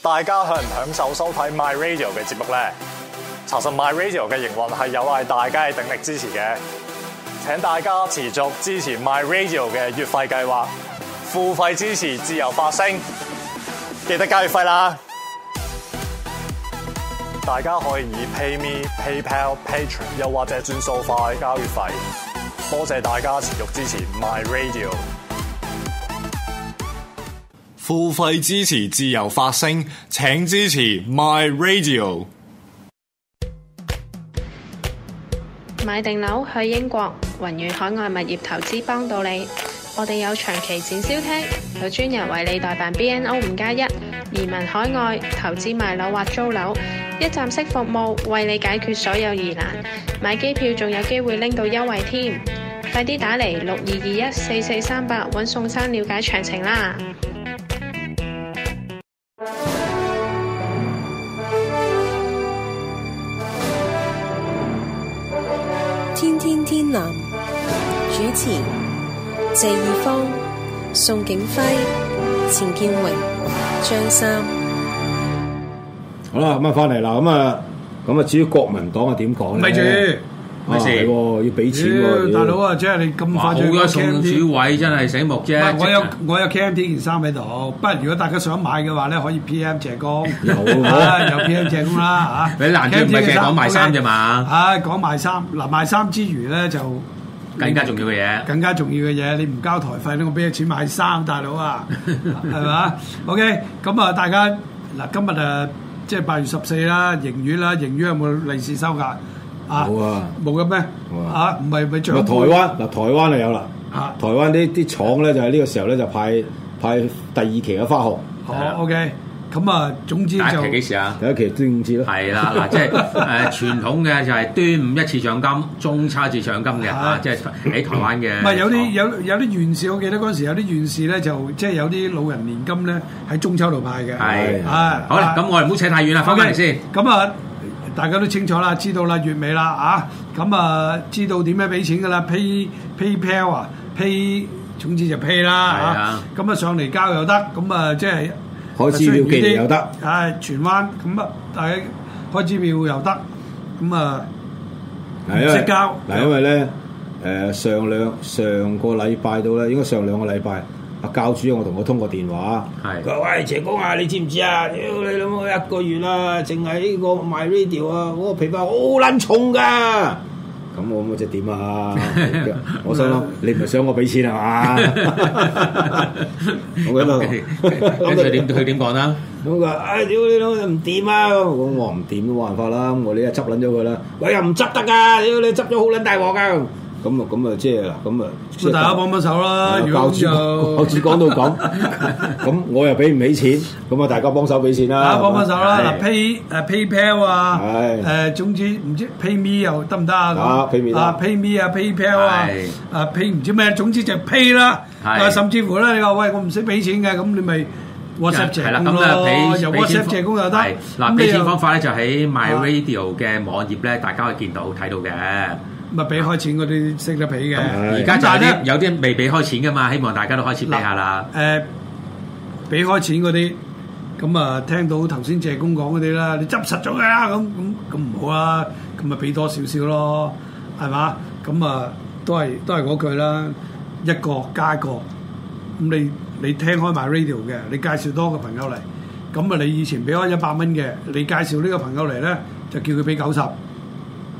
大家享唔享受收睇 My Radio 嘅節目咧？查實 My Radio 嘅營運係有賴大家嘅鼎力支持嘅，請大家持續支持 My Radio 嘅月費計劃，付費支持自由發聲，記得交月費啦！大家可以以 PayMe、PayPal、Patreon，又或者轉數快交月費，多謝大家持續支持 My Radio。付費支持自由發聲，請支持 My Radio。買定樓去英國，宏遠海外物業投資幫到你。我哋有長期展銷廳，有專人為你代辦 BNO 五加一移民、海外投資、賣樓或租樓一站式服務，為你解決所有疑難。買機票仲有機會拎到優惠添，快啲打嚟六二二一四四三八，搵宋生了解詳情啦。謝義方宋景輝、錢建榮、張三，好啦，咁啊翻嚟啦，咁、嗯、啊，咁啊，至於國民黨啊，點講咧？咪住，咪事，要俾錢大佬啊，即係你咁快張，好驚啲。送主委真係醒目啫。我有我有 K M T 件衫喺度，不過，如果大家想買嘅話咧，可以 P M 謝工。有、 okay, 啊，有 P M 謝工啦，吓。你難聽唔係淨係講賣衫啫嘛？唉，講賣衫嗱，賣衫之餘咧就。更加重要嘅嘢，更加重要嘅嘢，你唔交台費咧，我俾錢買衫，大佬啊，係 咪？OK，咁啊，大家嗱，今日啊，即係八月十四啦，迎月啦，迎月有冇利是收啊？冇啊，冇嘅咩？啊，唔係咪長？嗱、啊啊，台灣，嗱，台灣就有啦，啊，台灣呢啲廠咧就喺呢個時候咧就派派第二期嘅花紅。好、啊、OK。咁啊，總之就第一期幾時啊？第一期端午節咯。係啦，嗱， 即係誒傳統嘅就係端午一次獎金，中秋一次獎金嘅、啊啊、即係喺台灣嘅。唔係有啲有有啲縣市，我記得嗰陣時有啲縣市咧，就即、係、係有啲老人年金咧，喺中秋度派嘅。係啊，好啦，咁我哋唔好扯太遠啦，翻翻嚟先。咁啊，大家都清楚啦，知道啦，月尾啦啊，咁啊，知道點樣俾錢㗎啦？Pay PayPal 啊，Pay 總之就 Pay 啦啊。咁啊，上嚟交又得，咁啊，即係。開資料機又得，唉，荃灣，咁啊，大家開又得，咁、嗯、啊，即交，嗱，因為咧，誒、呃，上兩上個禮拜到咧，應該上兩個禮拜，阿教主我同我通過電話，佢話喂，邪公啊，你知唔知啊？屌你老母一個月啊，淨係呢個 MyRadio 啊，我個皮包好撚重噶。咁我即係點啊？我想，你想我 了、okay. 哎，你唔係想我俾錢係嘛？咁佢點佢點講啦？佢話：唉，屌你老母唔掂啊！我唔掂都冇辦法啦，我呢就執撚咗佢啦。喂，又唔執得噶？屌你、啊，執咗好撚大鑊噶！咁啊，咁啊，即係嗱，咁啊，大家幫幫手啦！教主教主講到咁，咁我又俾唔起錢，咁啊，大家幫手俾錢啦！啊，幫幫手啦！嗱，Pay 誒 PayPal 啊，誒總之唔知 PayMe 又得唔得啊？啊 PayMe 啊 PayMe 啊 PayPal 啊啊 Pay 唔知咩，總之就 Pay 啦。係，甚至乎咧，你話喂，我唔使俾錢嘅，咁你咪 WhatsApp 借工咯，由 WhatsApp 借工又得。嗱，俾錢方法咧就喺 MyRadio 嘅網頁咧，大家可以見到睇到嘅。咪俾開錢嗰啲識得俾嘅，而家就係啲有啲未俾開錢噶嘛，希望大家都開始俾下啦。誒，俾開錢嗰啲，咁啊，聽到頭先謝公講嗰啲啦，你執實咗佢啦，咁咁咁唔好啦，咁咪俾多少少咯，係嘛？咁啊，都係都係嗰句啦，一個加一個。咁你你聽開埋 radio 嘅，你介紹多個朋友嚟，咁啊，你以前俾開一百蚊嘅，你介紹呢個朋友嚟咧，就叫佢俾九十，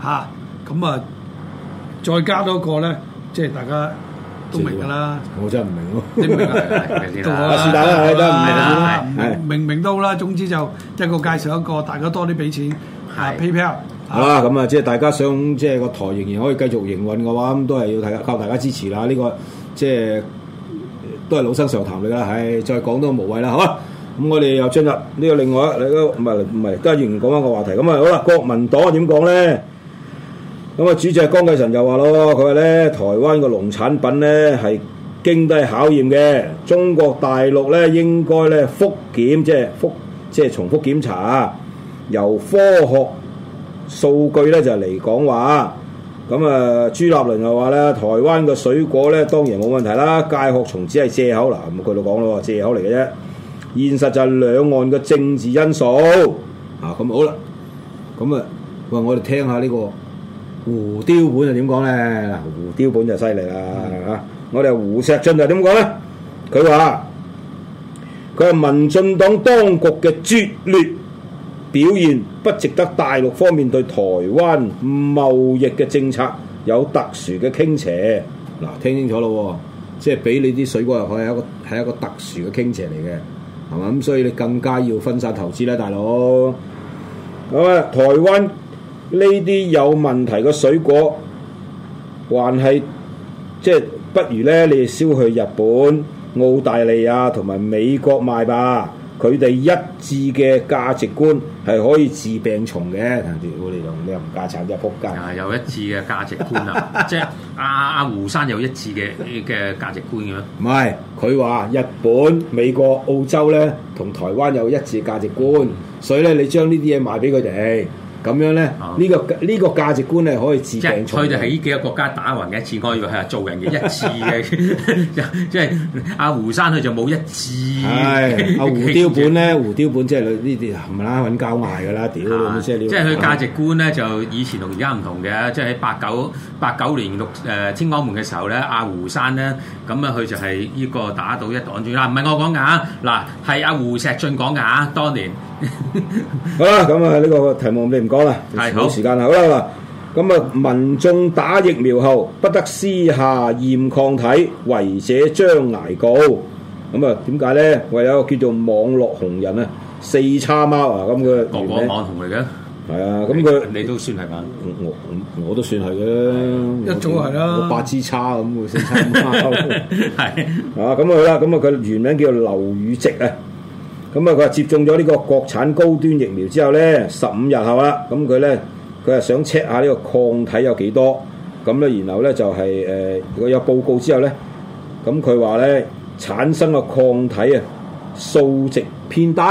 吓，咁啊。再加多一個呢，即係大家都明噶啦，我真係唔明咯，你明啊？明啦，明啦，明啦，明明都好啦。總之就一個介紹一個，大家多啲俾錢啊，PayPal。好啦，咁啊，即係大家想即係個台仍然可以繼續營運嘅話，咁都係要睇靠大家支持啦。呢個即係都係老生常談嚟啦。唉，再講都無謂啦，好嘛？咁我哋又進入呢個另外一個唔係唔係，都係完講翻個話題。咁啊，好啦，國民黨點講咧 咁啊！主席江啟臣就話囉。佢話咧，台灣嘅農產品呢係經得起考驗嘅。中國大陸呢應該呢復檢，即係復即係重複檢查由科學數據呢就嚟、是、講話。咁啊、呃，朱立倫又話呢，台灣嘅水果呢當然冇問題啦。介殼蟲只係借口嗱，咁佢度講咯，借口嚟嘅啫。現實就係兩岸嘅政治因素啊！咁好啦，咁啊，餵我哋聽下呢、這個。胡雕本就點講咧？嗱，胡雕本就犀利啦嚇！我哋胡錫進就點講咧？佢話佢話民進黨當局嘅拙劣表現，不值得大陸方面對台灣貿易嘅政策有特殊嘅傾斜。嗱，聽清楚咯，即係俾你啲水果入去係一個係一個特殊嘅傾斜嚟嘅，係嘛？咁所以你更加要分散投資啦，大佬。咁啊，台灣。呢啲有問題嘅水果，還係即係不如咧，你哋燒去日本、澳大利亞同埋美國賣吧。佢哋一致嘅價值觀係可以治病蟲嘅。我哋用咩唔價差就仆街。係有一致嘅價值觀 啊！即係阿阿胡生有一致嘅嘅、啊、價值觀嘅唔係，佢話日本、美國、澳洲咧同台灣有一致價值觀，所以咧你將呢啲嘢賣俾佢哋。咁樣咧，呢、啊呢個呢、呢個價值觀咧可以自病。即係佢就喺呢幾個國家打橫嘅，我以為佢係做人嘅一次嘅。即係阿胡山，佢就冇一次。阿胡雕本咧，胡雕本即係呢啲冚啦，揾、就是啊、交嗌嘅啦。屌、啊啊，即係即係佢價值觀咧，就以前同而家唔同嘅。即係喺八九八九年六誒天安門嘅時候咧，阿、啊、胡山咧，咁啊佢就係呢個打倒一黨專啦。唔、啊、係我講㗎，嗱係阿胡錫進講㗎、啊。當年好啦，咁啊呢個題目講啦，冇時間啦，好啦嗱，咁啊民眾打疫苗後不得私下驗抗體，違者將挨告。咁啊，點解咧？我有一個叫做網絡紅人啊，四叉貓啊，咁嘅網網紅嚟嘅，係啊，咁佢你都算係嘛？我我都算係嘅。一早係啦，八支叉咁，四叉貓係 啊，咁啊啦，咁啊佢原名叫劉宇植啊。咁啊，佢話接種咗呢個國產高端疫苗之後咧，十五日後啦，咁佢咧佢係想 check 下呢個抗體有幾多，咁咧然後咧就係誒，如果有報告之後咧，咁佢話咧，產生個抗體啊，數值偏低，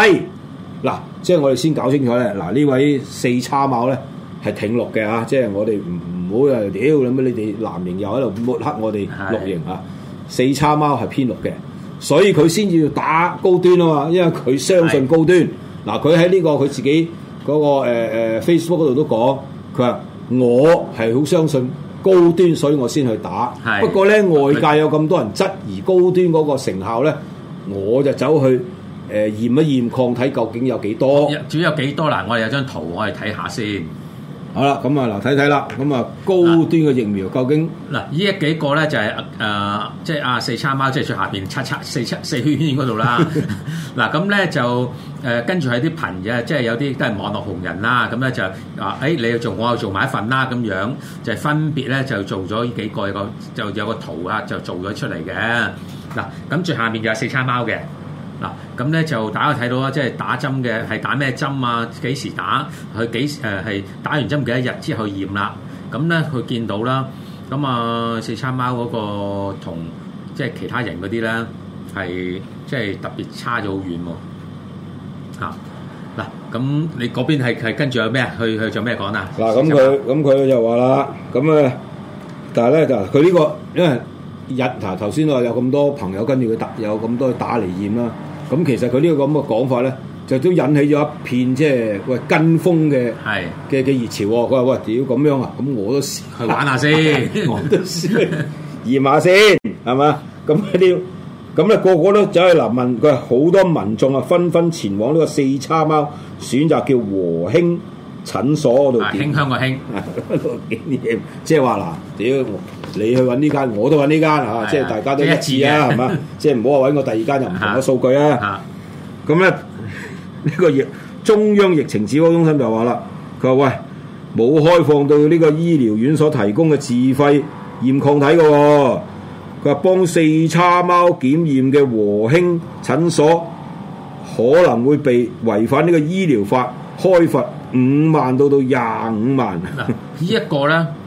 嗱，即係我哋先搞清楚咧，嗱呢位四叉貓咧係挺綠嘅啊，即係我哋唔唔好啊屌咁你哋藍營又喺度抹黑我哋綠營啊，四叉貓係偏綠嘅。所以佢先至要打高端啊嘛，因為佢相信高端。嗱，佢喺呢個佢自己嗰個誒誒 Facebook 度都講，佢話我係好相信高端，所以我先去打。不過咧，外界有咁多人質疑高端嗰個成效咧，我就走去誒驗、呃、一驗，抗體究竟有幾多有。主要有幾多嗱？我哋有張圖，我哋睇下先。好啦，咁啊，嗱睇睇啦，咁啊，高端嘅疫苗究竟嗱呢一幾個咧就係、是、誒、呃，即係啊四叉貓即係最下邊七七四七四,四圈圈嗰度啦。嗱咁咧就誒跟住喺啲朋友，即係有啲都係網絡紅人啦，咁咧就啊誒、哎、你又做，我又做埋一份啦咁樣，就分別咧就做咗幾個個就有個圖啊，就做咗出嚟嘅。嗱咁最下面就係四叉貓嘅。嗱咁咧就大家睇到啦，即、就、係、是、打針嘅係打咩針啊？幾時打？佢、呃、打完針幾多日之後驗啦。咁咧佢見到啦。咁啊四叉貓嗰、那個同即係其他人嗰啲咧係即係特別差咗好遠喎。嗱咁你嗰邊係跟住有咩啊？去去做咩講啊？嗱咁佢咁佢就話啦，咁啊但係咧就佢呢、這個因為日頭先我有咁多朋友跟住佢打有咁多打嚟驗啦。咁其實佢呢個咁嘅講法咧，就都引起咗一片即係、就是、喂跟風嘅嘅嘅熱潮。佢話喂，屌咁樣啊，咁我都試去玩下先， 我都試驗下先，係嘛？咁啲咁咧個個都走去嗱問，佢好多民眾啊紛紛前往呢個四叉貓選擇叫和興診所嗰度。啊，興鄉個興，即係話嗱，屌！ 你去揾呢間，我都揾呢間啊！即係大家都一致啊，係嘛？即係唔好話揾我第二間就唔同嘅數據啊！咁咧、啊啊、呢、呢個月中央疫情指揮中心就話啦，佢話喂冇開放到呢個醫療院所提供嘅自費驗抗體嘅、哦，佢話幫四叉貓檢驗嘅和興診所可能會被違反呢個醫療法，開罰五萬到到廿五萬。這個、呢一個咧。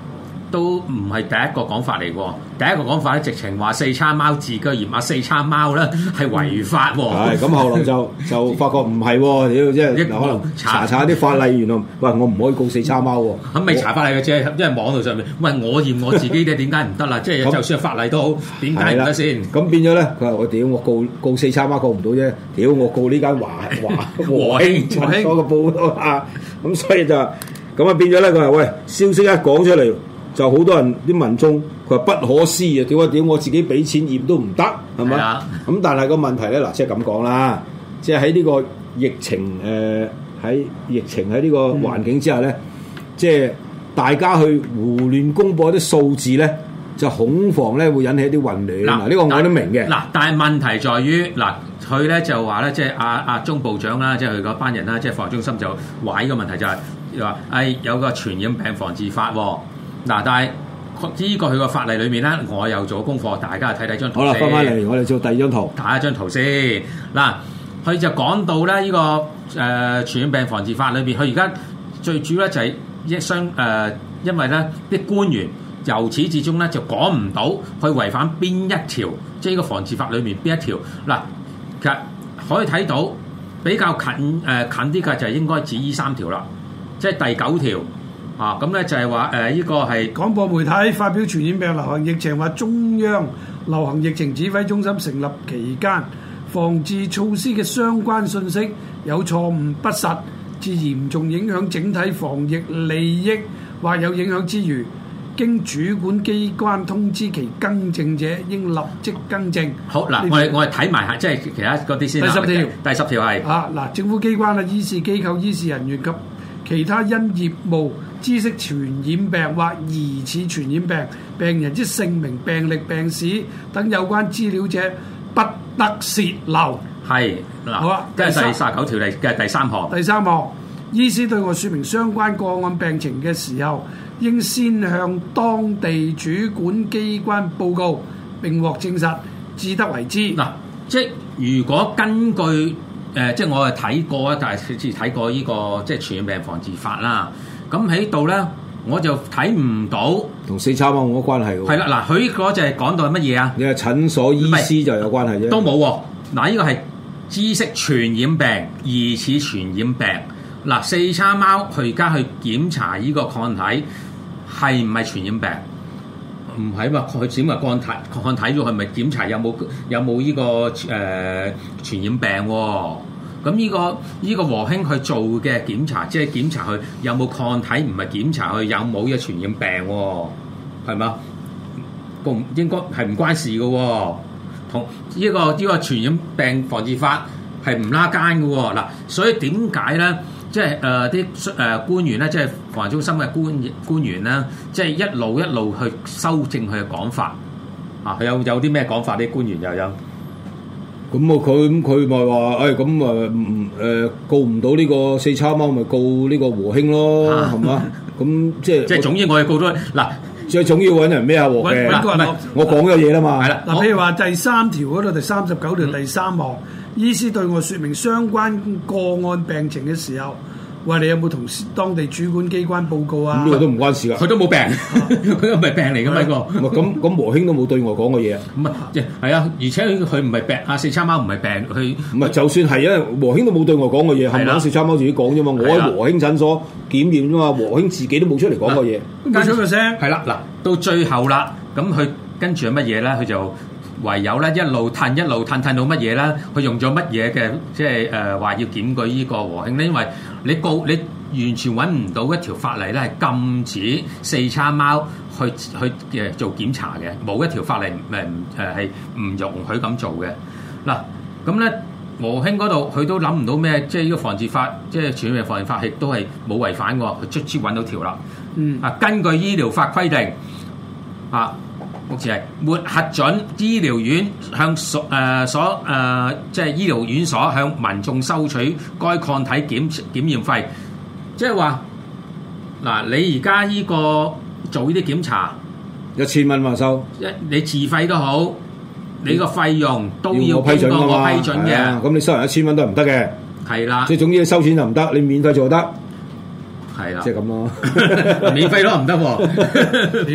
都唔係第一個講法嚟喎，第一個講法咧，直情話四叉貓字嘅嫌阿四叉貓咧係違法喎。咁、嗯、 後嚟就就發覺唔係喎，屌即係可能查查啲法例，原來喂我唔可以告四叉貓喎、哦，咁咪查法例嘅啫，因為網絡上面喂我嫌我自己嘅點解唔得啦？即係 就算係法例都好，點解唔得先？咁變咗咧，佢話我屌我告我告四叉貓告唔到啫，屌我告呢間華華華興華興嘅報導啊，咁 和兄笑所以就咁啊變咗咧，佢話喂消息一講出嚟。就好多人啲民眾，佢話不可思議啊！點啊點，我自己俾錢驗都唔得，係咪？咁但係個問題咧，嗱，即係咁講啦，即係喺呢個疫情誒，喺、呃、疫情喺呢個環境之下咧，即係大家去胡亂公佈一啲數字咧，就恐慌咧，會引起一啲混亂。嗱，呢、這個我都明嘅。嗱，但係問題在於，嗱，佢咧就話咧，即係阿阿中部長啦，即係佢嗰班人啦，即係防護中心就話呢個問題就係、是、話，誒、哎、有個傳染病防治法、哦。嗱，但係呢個佢個法例裏面咧，我又做功課，大家睇睇張圖先好啦，翻返嚟，我哋做第二張圖，打一張圖先。嗱，佢就講到咧、這、呢個誒傳染病防治法裏面，佢而家最主要咧就係一雙誒，因為咧啲官員由始至終咧就講唔到去違反邊一條，即係呢個防治法裏面邊一條。嗱，其實可以睇到比較近誒、呃、近啲嘅就應該指依三條啦，即係第九條。啊，咁咧就係話誒，依個係廣播媒體發表傳染病流行疫情話中央流行疫情指揮中心成立期間防治措施嘅相關信息有錯誤不實，致嚴重影響整體防疫利益或有影響之餘，經主管機關通知其更正者，應立即更正。好嗱，我哋我哋睇埋下，即係其他嗰啲先。第十條，第十條係啊嗱，政府機關啊、醫事機構、醫事人員及其他因業務知識傳染病或疑似傳染病病人之姓名、病歷、病史等有關資料者，不得洩漏。係好啊，即係第卅九條例嘅第三項。第三項，醫師對外説明相關個案病情嘅時候，應先向當地主管機關報告，並獲證實，至得為之。嗱，即如果根據誒、呃，即係我係睇過啊，但係佢之前睇過呢、這個即係傳染病防治法啦。咁喺度咧，我就睇唔到。同四叉貓冇乜關係喎。係啦，嗱，佢嗰隻講到係乜嘢啊？你係診所醫師就有關係啫。都冇、啊，嗱，呢、個係知識傳染病、疑似傳染病。嗱，四叉貓佢而家去檢查呢個抗體係唔係傳染病？唔係嘛，佢檢嘅抗體抗體咗係咪檢查有冇有冇依、個誒、呃、傳染病喎、啊？咁、這、呢個呢、這個和興去做嘅檢查，即係檢查佢有冇抗體，唔係檢查佢有冇嘅傳染病、啊，係嘛？咁應該係唔關事嘅、啊，同、這、呢個依、這個傳染病防治法係唔拉更嘅。嗱，所以點解咧？即係誒啲誒官員咧，即係防疫中心嘅官官員咧，即係一路一路去修正佢嘅講法啊？佢有有啲咩講法？啲官員又有？咁啊，佢咁佢咪話，誒，咁啊，唔誒告唔到呢個四叉貓，咪告呢個和興咯，係嘛？咁即係即係總之我係告咗，嗱，最總要搵人咩啊？我我講咗嘢啦嘛，係啦。嗱，譬如話第三條嗰度，第三十九條第三項，醫師對我說明相關個案病情嘅時候。話你有冇同當地主管機關報告啊？呢個都唔關事噶，佢都冇病，佢又唔係病嚟噶嘛呢個。咁咁，和興都冇對我講過嘢。唔係，係啊，而且佢唔係病啊，四叉貓唔係病，佢唔係就算係啊，和興都冇對我講過嘢，係咪啊？四叉貓自己講啫嘛，我喺和興診所檢驗啫嘛，和興自己都冇出嚟講過嘢。加咗個聲係啦，嗱，到最後啦，咁佢跟住係乜嘢咧？佢就唯有咧一路褪，一路褪，褪到乜嘢咧？佢用咗乜嘢嘅？即係誒，話要檢舉呢個和興咧，因為。你告你完全揾唔到一條法例咧，係禁止四叉貓去去嘅做檢查嘅，冇一條法例唔誒係唔容許咁做嘅。嗱咁咧，和興嗰度佢都諗唔到咩，即係呢個防治法，即係全面防疫法，亦都係冇違反喎。佢卒之揾到條啦。嗯啊，根據醫療法規定啊。目前係沒核准醫療院向所誒所誒即係醫療院所向民眾收取該抗體檢檢驗費，即係話嗱，你而家依個做依啲檢查，一千蚊話收一，你自費都好，你個費用都要經過我批准嘅，咁你收人一千蚊都係唔得嘅，係啦，即係總之你收錢就唔得，你免費就得。係 啦、啊， 即係咁咯，免費咯唔得，唔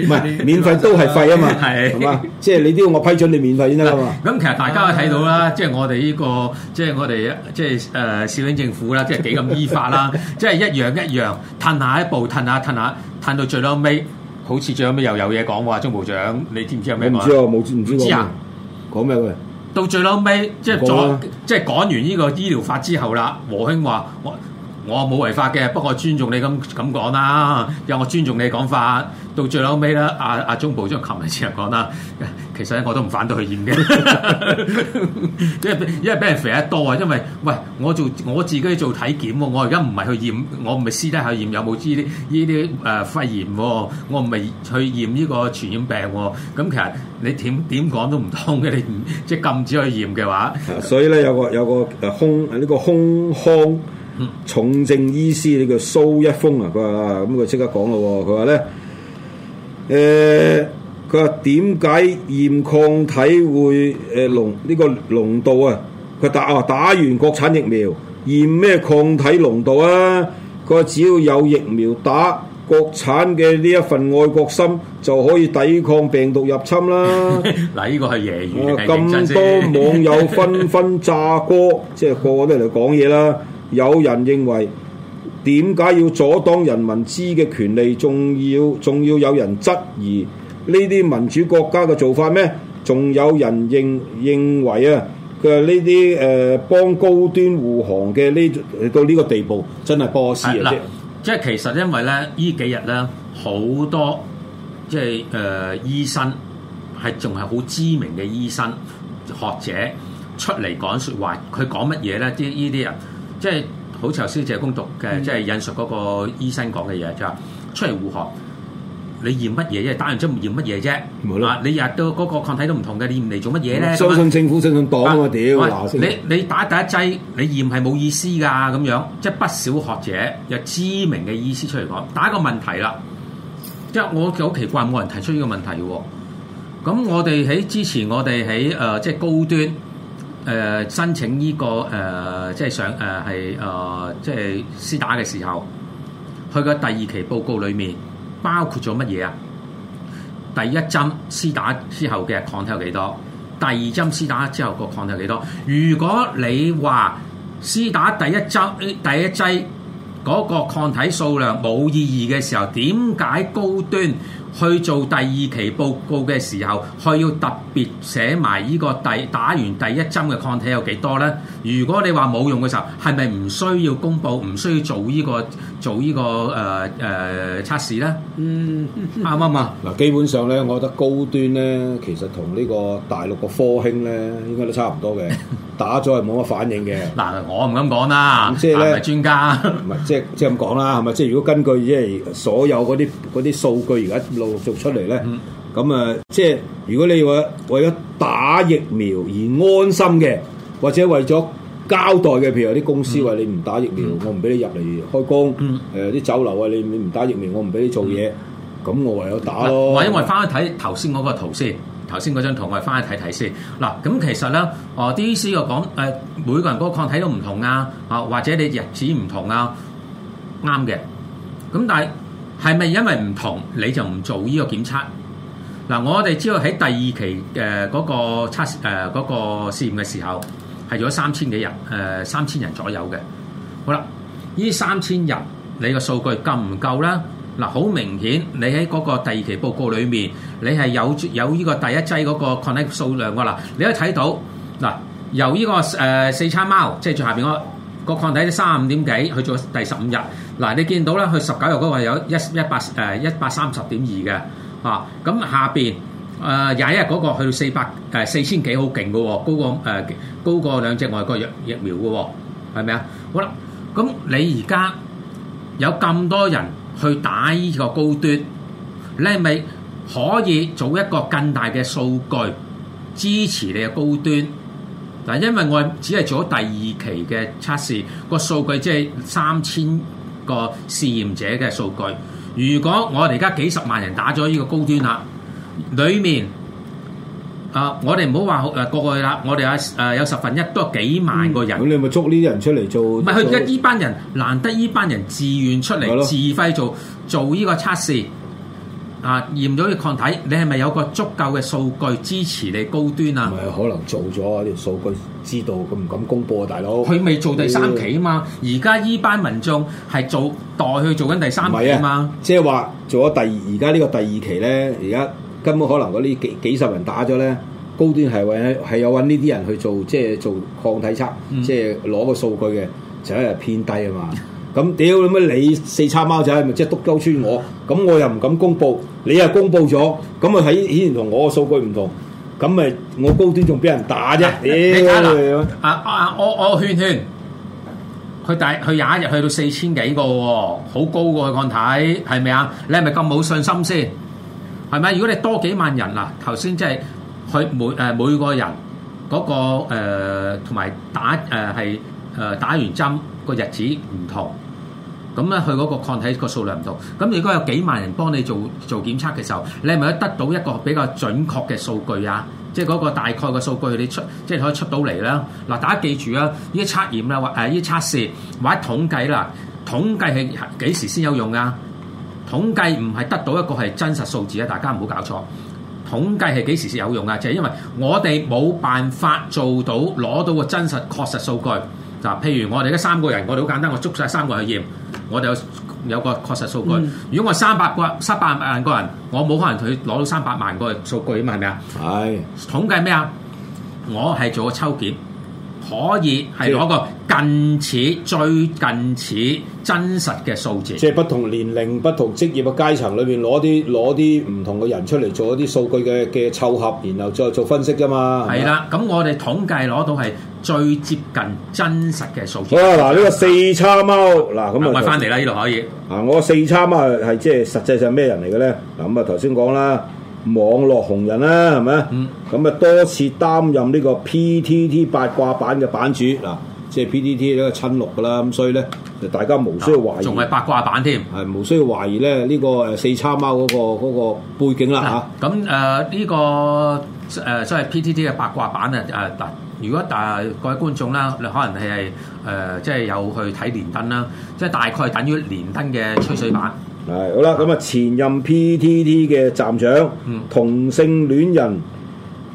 係免費都係費啊嘛，係，即係你都要我批准你免費先得啊嘛。咁 其實大家都睇到啦，即係我哋呢、這個，即係我哋，即係誒，小、呃、英政，政府啦，即係幾咁依法啦，即 係一樣一樣，褪下一步，褪下褪下，褪到最尾。好似最尾又有嘢講喎，鍾部長，你知唔知道有咩？唔知啊，冇知，唔知啊，講咩到最屘、啊，即係即係講完呢個醫療法之後啦，和兄話。我我冇違法嘅，不過尊重你又我尊重你咁咁講啦。有我尊重你講法，到最後尾啦。阿、啊、阿、啊、中部長琴日先講啦。其實我都唔反對去驗嘅， 因為因為俾人肥得多啊。因為喂，我做我自己做體檢喎，我而家唔係去驗，我唔係私底下去驗有冇呢啲呢啲誒肺炎喎，我唔係去驗呢個傳染病喎。咁、啊、其實你點點講都唔通嘅，你唔即係禁止去驗嘅話、啊。所以咧，有個有個誒胸呢、這個胸腔。胸 重症醫師你叫蘇一峰啊，佢話咁佢即刻講咯，佢話咧，誒、啊，佢話點解驗抗體會誒濃呢個濃度啊？佢打啊打完國產疫苗驗咩抗體濃度啊？佢話只要有疫苗打，國產嘅呢一份愛國心就可以抵抗病毒入侵啦。嗱、啊，呢個係揶揄，咁多網友紛紛炸鍋，即 係、就是、個個都嚟講嘢啦。有人認為點解要阻擋人民知嘅權利，仲要仲要有人質疑呢啲民主國家嘅做法咩？仲有人認認為啊，佢話呢啲誒幫高端護航嘅呢到呢個地步，真係波士啊！即係其實因為咧呢幾日咧，好多即係誒醫生係仲係好知名嘅醫生學者出嚟講說話，佢講乜嘢咧？啲呢啲人。即係好似頭先謝公讀嘅，即係引述嗰個醫生講嘅嘢，就話、是、出嚟護航，你驗乜嘢啫？打完針驗乜嘢啫？啊！你日都嗰個抗體都唔同嘅，你驗嚟做乜嘢咧？相信政府，相信黨啊！屌、啊，你你打第一打劑，你驗係冇意思㗎咁樣。即係不少學者有知名嘅醫師出嚟講，打一個問題啦。即係我就好奇怪，冇人提出呢個問題喎。咁我哋喺之前我在，我哋喺誒即係高端。誒申請呢、這個誒即係上誒係誒即係施打嘅時候，佢個第二期報告裏面包括咗乜嘢啊？第一針施打之後嘅抗體有幾多？第二針施打之後個抗體有幾多？如果你話施打第一針第一劑嗰個抗體數量冇意義嘅時候，點解高端？去做第二期報告嘅時候，佢要特別寫埋呢個第打完第一針嘅抗體有幾多咧？如果你話冇用嘅時候，係咪唔需要公佈，唔需要做、這個做這個呃呃、試呢個做呢個誒誒測試咧？嗯，啱唔啱啊？嗱，基本上咧，我覺得高端咧，其實同呢個大陸個科興咧，應該都差唔多嘅。 打咗係冇乜反應嘅。嗱， 我唔敢講啦，即係專家唔係即係即係咁講啦，係咪？即， 即，即，是是即如果根據即係所有啲嗰啲數據而家。做出嚟咧，咁、嗯、啊、嗯，即係如果你為為咗打疫苗而安心嘅，或者為咗交代嘅，譬如有啲公司話你唔打，嗯嗯呃、打疫苗，我唔俾你入嚟開工，誒、嗯，啲酒樓啊，你你唔打疫苗，我唔俾你做嘢，咁我唯有打咯。或者我翻去睇頭先嗰個圖先，頭先嗰張圖我哋翻去睇睇先。嗱，咁其實咧，哦，D C 又講，誒，每個人嗰個抗體都唔同啊，啊，或者你日子唔同啊，啱嘅。咁但係。係咪因為唔同你就唔做呢個檢測？嗱、嗯，我哋知道喺第二期嘅嗰、呃那個測誒嗰、呃那個試驗嘅時候係做咗三千幾人誒三千人左右嘅。好啦，呢三千人你個數據夠唔夠啦？嗱、嗯，好明顯你喺嗰個第二期報告裡面，你係有有呢個第一劑嗰個 connect 數量嘅啦。你可以睇到嗱、嗯，由呢、這個誒四叉貓即係、就是、最下邊嗰個。個抗體三五點幾，去咗第十五日。嗱，你見到啦，佢十九日嗰個有一一八誒一百三十點二嘅，嚇。咁下邊誒廿一日嗰個去到四百誒四千幾，好勁嘅喎，高過誒高過兩隻外國疫疫苗嘅喎，係咪啊？好啦，咁你而家有咁多人去打呢個高端，你係咪可以做一個更大嘅數據支持你嘅高端？嗱，因為我只係做咗第二期嘅測試，數就個數據即係三千個試驗者嘅數據。如果我哋而家幾十萬人打咗呢個高端啦，裏面啊，我哋唔好話誒個個啦，我哋啊誒有十分一都係幾萬個人。咁，嗯，你咪捉呢啲人出嚟做？唔係佢而家呢班人難得呢班人自願出嚟自費做做呢個測試。啊驗咗嘅抗體，你係咪有個足夠嘅數據支持你高端啊？唔係可能做咗啲數據，知道佢唔敢公佈啊，大佬。佢未做第三期啊嘛，而家依班民眾係做代去做緊第三期啊嘛。啊即係話做咗第二而家呢個第二期咧，而家根本可能嗰啲幾，幾十人打咗咧，高端係揾係有搵呢啲人去做即係做抗體測、嗯，即係攞個數據嘅，就係、是、偏低啊嘛。咁 屌你乜你四叉貓仔，咪即係督鳩穿我，咁 我又唔敢公佈。你又公布咗，咁啊喺顯然同我嘅數據唔同，咁咪我高端仲俾人打啫？屌、哎！啊啊！我我勸勸佢，第佢廿一圈圈日去到四千幾個喎，好高個，我睇係咪啊？你係咪咁冇信心先？係咪？如果你多幾萬人啊，頭先即係佢每誒每個人嗰、嗰個同埋、呃、打、呃呃、打完針、嗰個日子唔同。咁咧，佢嗰個抗體個數量唔同。咁如果有幾萬人幫你做做檢測嘅時候，你係咪得到一個比較準確嘅數據啊？即係嗰個大概嘅數據，你出即係可以出到嚟啦。嗱，大家記住啊！呢啲測驗啦，或誒依啲測試或者統計啦，統計係幾時先有用啊？統計唔係得到一個係真實數字啊！大家唔好搞錯。統計係幾時先有用啊？就係因為我哋冇辦法做到攞到個真實確實數據。嗱，譬如我哋依三個人，我哋好簡單，我捉晒三個人去驗。我哋有個個確實數據。嗯、如果我三百個三百萬個人，我冇可能同佢攞到三百萬個數據啊嘛，係咪？統計咩？我係做個抽檢。可以係攞個近似、最近似真實嘅數字。即係不同年齡、不同職業嘅階層裏邊攞啲攞啲唔同嘅人出嚟做一啲數據嘅嘅湊合，然後再做分析㗎嘛。係啦，咁我哋統計攞到係最接近真實嘅數字。哇！嗱，呢個四叉貓嗱咁啊，咪翻嚟啦，呢度可以。嗱，我四叉貓係即係實際上咩人嚟嘅咧？嗱，咁啊頭先講啦。網絡紅人啦，係咪啊？咁、嗯、啊多次擔任呢個 P T T 八卦版嘅版主，嗱，即係 P T T 呢個親綠噶啦，咁所以咧，就大家無需要懷疑。仲、啊、係八卦版添，係無需要懷疑咧呢個誒四叉貓嗰個背景啦嚇。咁誒呢個誒即係 P T T 嘅八卦版啊誒、呃，如果誒各位觀眾啦，你可能係誒即係有去睇連登啦，即、就、係、是、大概等於連登嘅吹水版。嗯係好啦，咁啊前任 PTT 嘅站長，同性戀人，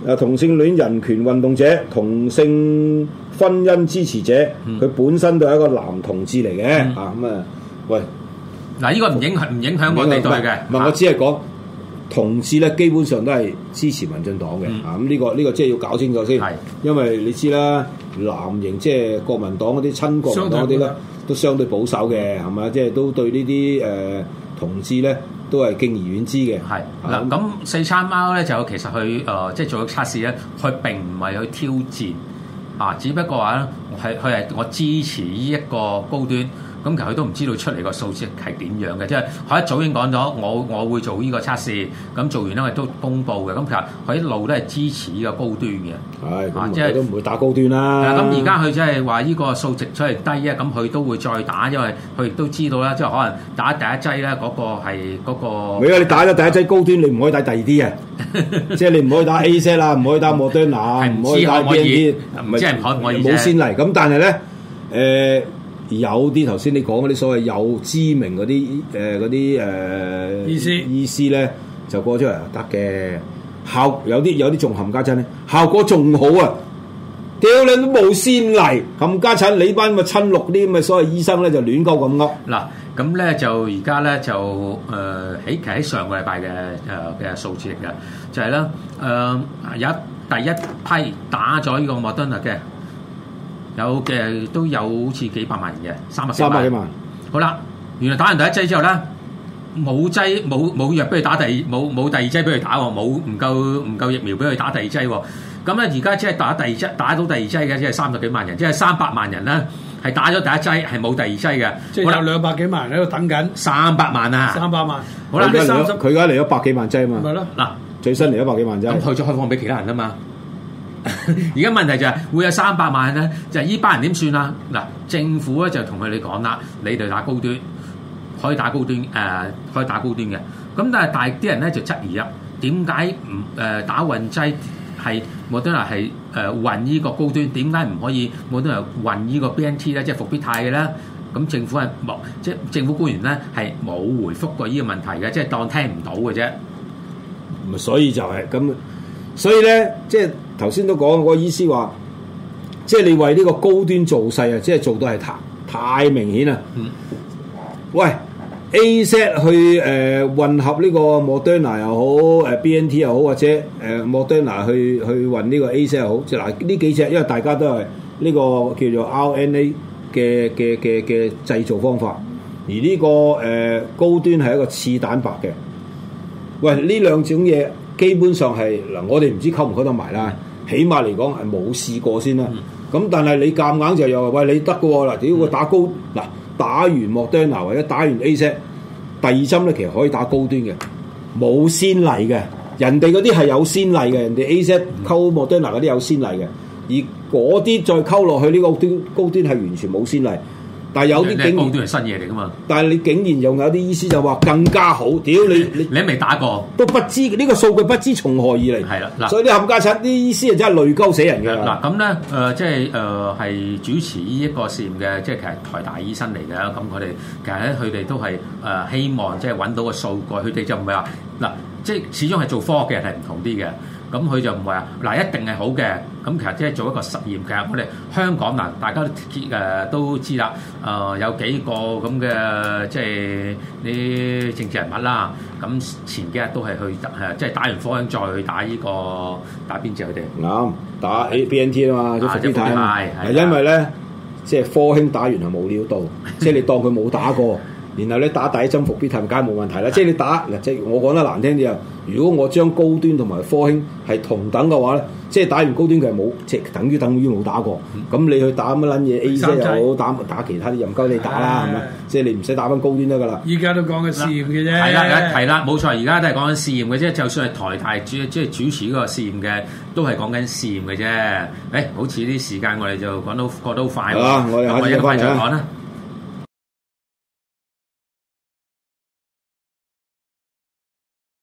誒同性戀人權運動者，同性婚姻支持者，佢本身都係一個男同志嚟嘅、嗯，啊咁啊、嗯、喂，嗱、這、呢個唔影響唔影響我哋都係嘅，唔係、啊、我只係講同志咧，基本上都係支持民進黨嘅，啊咁呢個呢、這個即係要搞清楚先，係、嗯，因為你知啦，藍營即係國民黨嗰啲親國民黨嗰啲啦。都相對保守嘅，係嘛？即係都對呢啲誒同志咧，都係敬而遠之嘅。係嗱，咁四餐貓咧就其實佢誒即係做咗測試咧，佢並唔係去挑戰啊，只不過話咧，係佢係我支持呢一個高端。咁其實佢都唔知道出嚟個數值係點樣嘅，即係佢一早已經講咗，我我會做呢個測試，咁做完呢，我都公布嘅。咁其實佢一路都係支持呢個高端嘅，哎啊，即係都唔會打高端啦。咁而家佢即係話呢個數值出嚟低咧，咁佢都會再打，因為佢亦都知道啦，即係可能打第一劑咧，嗰、嗰個係嗰、嗰個。如果你打咗第一劑高端，你唔可以打第二啲啊！即 係你唔可以打 AZ 啦，唔可以打莫德納，唔可以打 BNT，唔係唔好先嚟。咁但係咧，呃有啲頭先你講嗰啲所謂有知名嗰啲誒嗰啲誒醫師，醫師咧就過咗嚟得嘅效有啲有啲仲冚家鏟咧，效果仲好啊！屌你都冇先例冚家鏟，你班咪親六啲咁嘅所謂醫生咧就亂鳩咁噏嗱，咁咧就而家咧就誒其實喺上個禮拜嘅誒嘅數字嚟嘅，就係啦誒有第一批打咗呢個莫德納嘅。有嘅都有好似幾百萬人嘅，三百幾萬人。好啦，原來打完第一劑之後咧，冇劑冇冇藥俾佢打第冇冇第二劑俾佢打喎，冇唔夠唔夠疫苗俾佢打第二劑。咁咧而家即係打第二劑打到第二劑嘅，即係三十幾萬人，即係三百萬人啦，係打咗第一劑係冇第二劑嘅。即係有兩百幾萬人喺度等緊三百萬啊！三百萬。好啦，佢而家嚟咗百幾萬劑啊嘛。咪咯嗱，最新嚟咗百幾萬劑，佢再開放俾其他人啊嘛。而 家問題就係會有三百萬咧，就係依班人點算啊？嗱，政府咧就同佢哋講啦，你哋打高端可以打高端，誒、呃、可以打高端嘅。咁但係大啲人咧就質疑啦，點解唔誒打運劑，係我哋話係誒運呢個高端？點解唔可以我哋話運呢個 B N T 咧，即係復必泰嘅咧？咁政府係冇，即係政府官員咧係冇回復過呢個問題嘅，即係當聽唔到嘅啫。所以就係咁，所以咧即係。就是頭先都講，我、那個、意思話，即係你為呢個高端造勢啊，即係做到係太太明顯啦。嗯。喂，AZ 去誒、呃、混合呢個莫德納又好，誒 B N T 又好，或者誒莫德納去去混呢個 AZ 又好，即係嗱呢幾隻，因為大家都係呢、這個叫做 R N A 嘅嘅嘅嘅製造方法，而呢、這個誒、呃、高端係一個次蛋白嘅。喂，呢兩種嘢基本上係嗱，我哋唔知溝唔溝得埋啦。嗯。起碼嚟講係冇試過先啦，咁但係你夾硬，硬就又話喂，你得嘅喎啦，只要打高嗱打完莫丁娜或者打完 AZ，第二針咧其實可以打高端嘅，冇先例嘅。人哋嗰啲係有先例嘅，人哋 AZ 溝莫丁娜嗰啲有先例嘅，而嗰啲再溝落去呢、呢個端高端係完全冇先例嘅。但係有啲警，你都係新嘢嚟噶嘛？但係你竟然用有啲意思就話更加好，屌你你你未打過，都不知呢、呢個數據不知從何而嚟。係啦，嗱，所以啲冚家鏟啲意思啊，真係累鳩死人㗎啦。嗱咁咧，即係係、呃、主持呢一個試驗嘅，即係其實台大醫生嚟嘅。咁佢哋其實咧，佢哋都係、呃、希望即係揾到個數據，佢哋就唔係話嗱，即係始終係做科學嘅人係唔同啲嘅。咁佢就唔係，嗱一定係好嘅。咁其實即係做一個實驗。嘅，我哋香港嗱，大家都都知啦。誒、呃、有幾個咁嘅即係啲政治人物啦。咁前幾日都係去即係打完科興再去打呢、呢個打邊隻佢哋啱打 A B N T 啊嘛，都伏邊太啊嘛。啊係係因為咧，即係科興打完係冇料到， 即係你當佢冇打過。然後你打第一針復必泰唔該冇問題啦，即係你打嗱即係我講得難聽啲啊，如果我將高端同埋科興係同等嘅話咧，即係打完高端佢係冇即係等於等於冇打過，咁、嗯、你去打乜撚嘢 A 三好打打其他啲又唔夠你打啦，係咪？即係你唔使打翻高端得噶啦。而家都講緊試驗嘅啫，係啦係啦冇錯，而家都係講緊試驗嘅啫，就算係台大主即係、就是、主持呢個試驗嘅，都係講緊試驗嘅啫、哎。好似啲時間我哋就講到講過得好快喎，我就我一個快再講啦。